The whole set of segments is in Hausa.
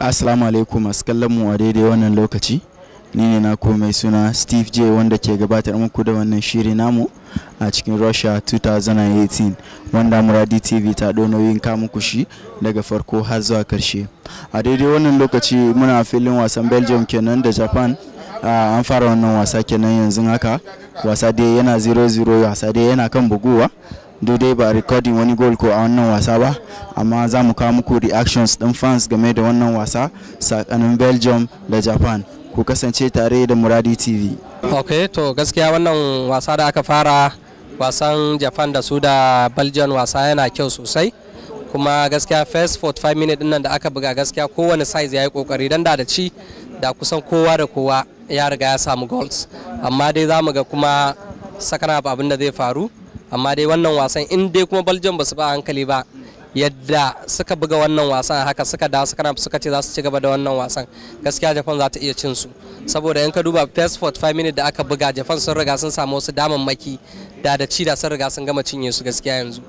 Assalamu alaikum masu kallon mu a daidai wannan lokaci. Ni ne na mai suna Steve J wanda ke gabatar muku da wannan shiri namu a cikin Russia 2018 wanda Muradi TV ta yin muku shi daga farko har zuwa karshe. A daidai wannan lokaci muna filin wasan Belgium kenan da Japan. an fara wannan wasa kenan yanzu haka wasa dai yana 0-0 wasa dai yana kan buguwa daidai ba recording wani goal ko a wannan wasa ba amma za mu kawo muku reactions din fans game da wannan wasa sakanin belgium da japan ku kasance tare da muradi tv ok to gaskiya wannan wasa da aka fara wasan japan da su da belgium wasa yana kyau sosai kuma gaskiya first 45 minute din nan da aka buga gaskiya kowane size ya yi kokari dan da da ci da kusan kowa da kowa ya riga ya samu goals amma dai za mu ga kuma sakana abin da zai faru amma dai wannan wasan in dai kuma belgium ba su ba hankali ba yadda suka buga wannan wasan haka suka da suka suka ce za su ci gaba da wannan wasan gaskiya japan za ta iya cin su saboda in ka duba first 45 minute da aka buga japan sun riga sun samu wasu damammaki da da ci da sun riga sun gama cinye su gaskiya yanzu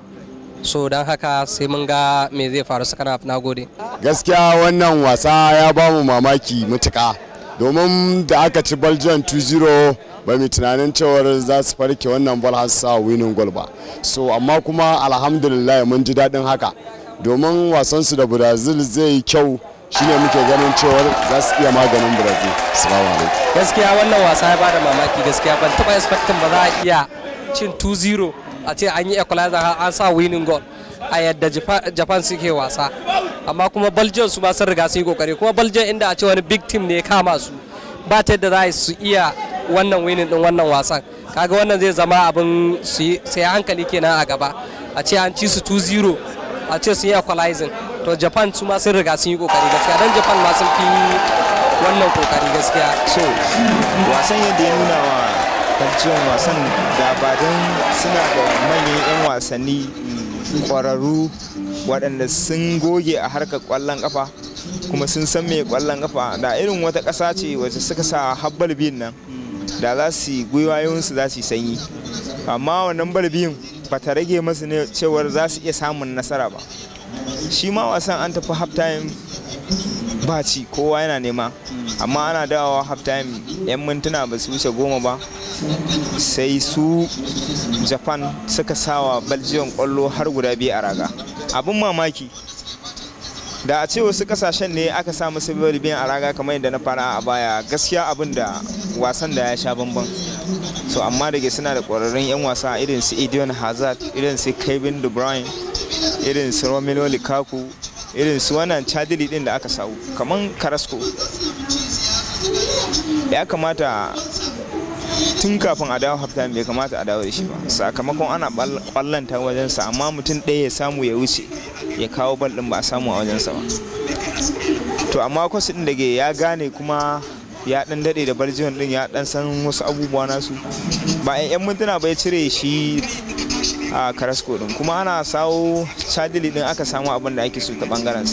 so don haka sai mun ga me zai faru suka na gode. gaskiya wannan wasa ya ba mu mamaki mutuka domin da aka ci belgium 2-0 ba mu tunanin cewar za su farke wannan bal har sa winning goal ba so amma kuma alhamdulillah mun ji daɗin haka domin wasan su da brazil zai yi kyau shine muke ganin cewar za su iya maganin brazil salamu alaikum gaskiya wannan wasa ya bada mamaki gaskiya ban taba expecting ba za a iya cin 2-0 a ce an yi equalizer har an sa winning goal a yadda japan suke wasa amma kuma belgium su ba sun riga su yi kokari kuma belgium inda a ce wani big team ne kama su ba ta yadda za su iya wannan winning din wannan wasan kaga wannan zai zama abin sai hankali kenan a gaba a ce an ci su 2-0 a ce sun yi equalizing to japan su ma sun riga sun yi kokari gaskiya dan japan ma sun fi wannan kokari gaskiya so wasan yadda ya nuna wa kalciyar wasan da ba don suna da manyan 'yan wasanni kwararru waɗanda sun goge a harkar ƙwallon ƙafa kuma sun san mai ƙwallon kafa da irin wata ƙasa ce wacce suka sa habbal biyun nan da za su gwiwa gwiwayoyinsu za su yi sanyi amma wannan balbin ba ta rage masu ne cewar za su iya samun nasara ba shi ma wasan an tafi half time ba ci kowa yana nema amma ana dawowa half time yan mintuna ba su wuce goma ba sai su japan suka sawa belgium kwallo har guda biyu a raga abin mamaki da a ce wasu kasashen ne aka sa musu biyan a raga kamar yadda na fara a baya gaskiya abin da wasan da ya sha bamban so amma da ke suna da ƙwararrun 'yan wasa irin su Eden Hazard irin su Kevin De Bruyne irin su Romelu Lukaku irin su wannan Chadili din da aka samu kamar Carrasco ya kamata tun kafin a dawo halftime bai kamata a dawo da shi ba sakamakon ana kwallanta wajensa amma mutum ɗaya ya samu ya wuce ya kawo bal din ba a samu a wajensa ba to amma kwas ɗin da ya gane kuma ya ɗan daɗe da barjiyon din ya dan san wasu abubuwa nasu ba yan mintuna bai cire shi a karasko din kuma ana sawo chadili din aka samu abin da ake so ta bangaren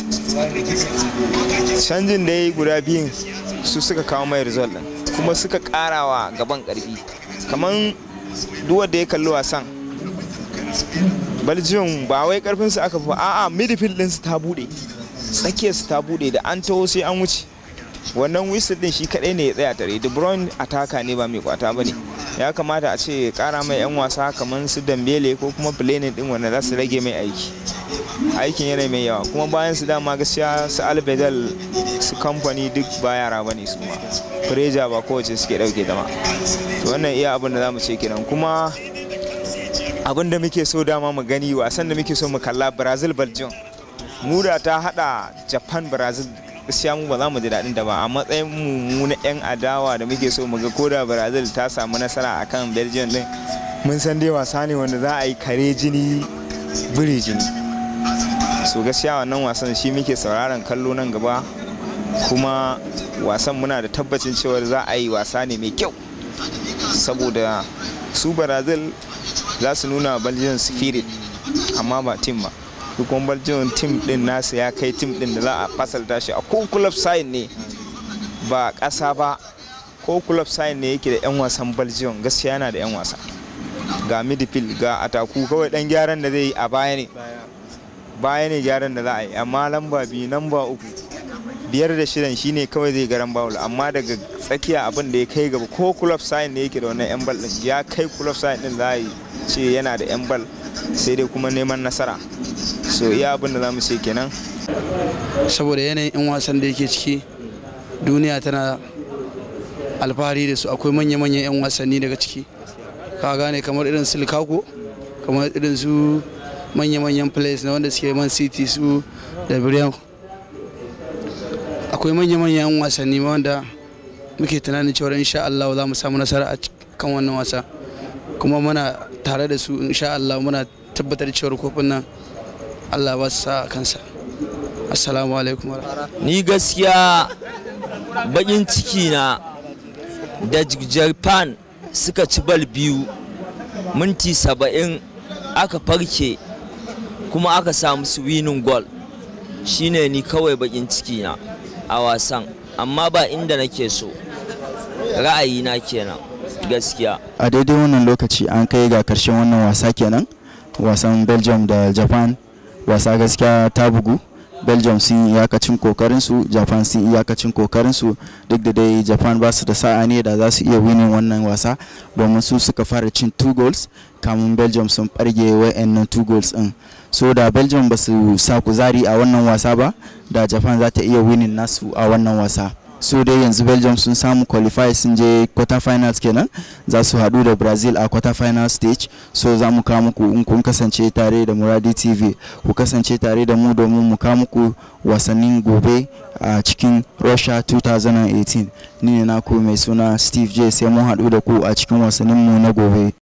canjin da ya yi guda biyun su suka kawo mai result din kuma suka karawa gaban karfi kamar duk wanda ya kalli wasan belgium ba wai karfin su aka fi a'a midfield din su ta bude tsakiyar su ta bude da an taho sai an wuce wannan whistle din shi kadai ne ya tsaya tare de bruyne ataka ne ba mai kwata ba ne ya kamata a ce kara mai yan wasa kamar su dambele ko kuma plane din wanda za su rage mai aiki aikin yana mai yawa kuma bayan su dama gaskiya su albedal su kamfani duk ba yara ba ne su ma preja ba kowace suke dauke dama wannan iya abin da za mu ce kenan kuma abin da muke so dama mu gani wasan da muke so mu kalla brazil belgium muda ta hada japan brazil gaskiya mu ba za mu ji daɗin da ba a matsayin mu na 'yan adawa da muke so mu ga koda brazil ta samu nasara akan belgium din mun san dai wasa ne wanda za a yi kare jini biri jini so gaskiya wannan wasan shi muke sauraron kallo nan gaba kuma wasan muna da tabbacin cewa za a yi wasa ne mai kyau saboda su brazil za su nuna belgium spirit amma ba tim ba duk wani belgium tim din nasu ya kai tim din da za a fasalta shi a ko club sign ne ba ƙasa ba ko club sign ne yake da 'yan wasan belgium gaskiya yana da 'yan wasa ga midfield ga ataku kawai dan gyaran da zai yi a baya ne baya ne gyaran da za a yi amma lamba biyu lamba uku biyar da shidan shine kawai zai garan bawul amma daga tsakiya abin da ya kai gaba ko club sign ne yake da wannan yan bal din ya kai club sign din za yi ce yana da yan bal sai dai kuma neman nasara so iya abin da zamu ce kenan saboda yanayin yan wasan da yake ciki duniya tana alfahari da su akwai manya-manyan yan wasanni daga ciki ka gane kamar irin su Lukaku kamar irin su manya-manyan players na wanda suke Man City su da Brian akwai manya-manyan wasanni wanda muke tunanin cewar insha Allah za mu samu nasara a kan wannan wasa kuma muna tare da su insha Allah muna tabbatar cewar kofin nan Allah ba su sa a kansa assalamu alaikum ni gaskiya bakin ciki na da japan suka ci bal biyu minti saba'in aka farke kuma aka samu su winning goal shine ni kawai bakin ciki na a wasan amma ba inda nake so ra'ayina kenan gaskiya a daidai wannan lokaci an kai ga karshen wannan wasa kenan wasan belgium da japan wasa gaskiya ta bugu belgium sun yi iyakacin kokarinsu japan sun yi iyakacin kokarinsu duk da dai japan ba su da sa'a ne da za su iya winin wannan wasa domin su suka fara cin two goals kamun belgium sun farge wa'annan two goals din so da belgium ba su sa kuzari a wannan wasa ba da japan za ta iya winin nasu a wannan wasa su dai yanzu belgium sun samu qualify sun je quarter finals kenan za su hadu da brazil a quarter final stage so za mu kawo muku in kun kasance tare da muradi tv ku kasance tare da mu domin mu kawo muku wasannin gobe a cikin russia 2018 ni ne na naku mai suna steve j sai mun hadu da ku a cikin wasannin mu na gobe